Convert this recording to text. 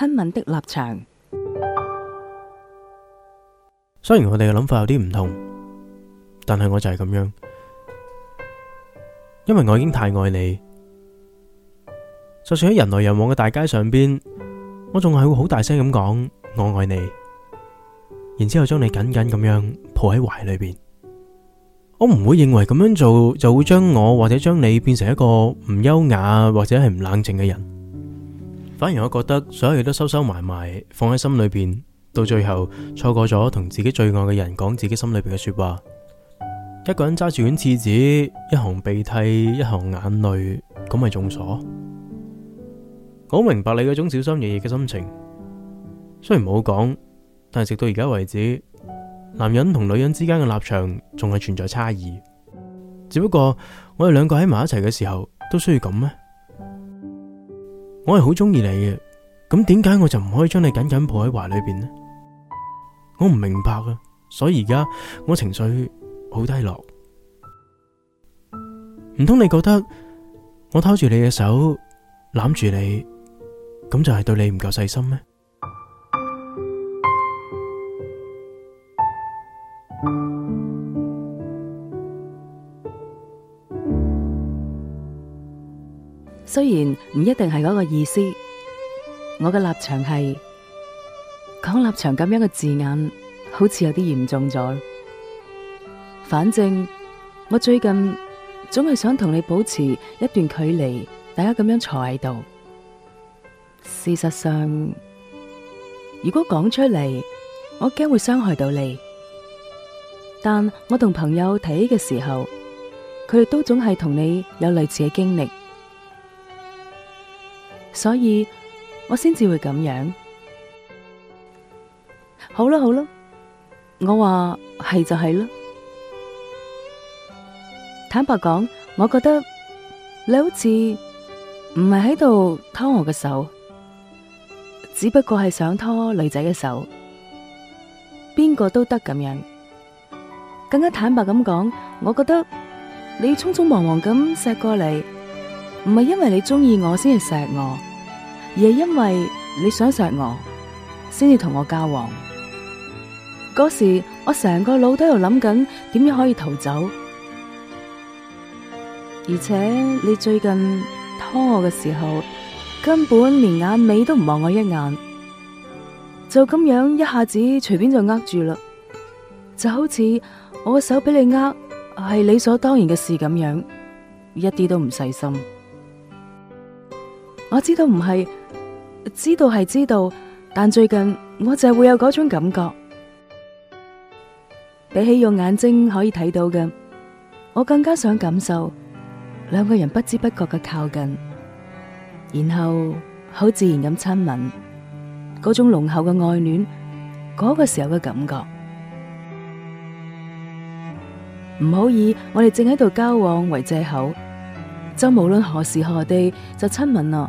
親吻的立場，雖然我哋嘅諗法有啲唔同，但係我就係咁樣，因為我已經太愛你，就算喺人來人往嘅大街上邊，我仲係會好大聲咁講我愛你，然之後將你緊緊咁樣抱喺懷裏邊，我唔會認為咁樣做就會將我或者將你變成一個唔優雅或者係唔冷靜嘅人。反而我覺得所有嘢都收收埋埋放喺心裏邊，到最後錯過咗同自己最愛嘅人講自己心裏邊嘅說話，一個人揸住卷廁紙，一行鼻涕一行眼淚，咁咪仲傻？我好明白你嗰種小心翼翼嘅心情，雖然冇講，但係直到而家為止，男人同女人之間嘅立場仲係存在差異，只不過我哋兩個喺埋一齊嘅時候，都需要咁咩？我係好中意你嘅，咁點解我就唔可以將你緊緊抱喺懷裏邊呢？我唔明白啊，所以而家我情緒好低落。唔通你覺得我拖住你嘅手，攬住你，咁就係對你唔夠細心咩？雖然唔一定係嗰個意思，我嘅立場係講立場咁樣嘅字眼，好似有啲嚴重咗。反正我最近總係想同你保持一段距離，大家咁樣坐喺度。事實上，如果講出嚟，我驚會傷害到你。但我同朋友睇嘅時候，佢哋都總係同你有類似嘅經歷。所以我先至會咁樣。好啦，好啦，我話係就係啦。坦白講，我覺得你好似唔係喺度拖我嘅手，只不過係想拖女仔嘅手，邊個都得咁樣。更加坦白咁講，我覺得你要匆匆忙忙咁錫過嚟。唔係因為你中意我先至錫我，而係因為你想錫我，先至同我交往。嗰時我成個腦都喺度諗緊點樣可以逃走，而且你最近拖我嘅時候，根本連眼尾都唔望我一眼，就咁樣一下子隨便就握住啦，就好似我嘅手俾你握係理所當然嘅事咁樣，一啲都唔細心。我知道唔係知道係知道，但最近我就係會有嗰種感覺。比起用眼睛可以睇到嘅，我更加想感受兩個人不知不覺嘅靠近，然後好自然咁親吻，嗰種濃厚嘅愛戀，嗰個時候嘅感覺。唔好以我哋正喺度交往為借口，就無論何時何地就親吻咯。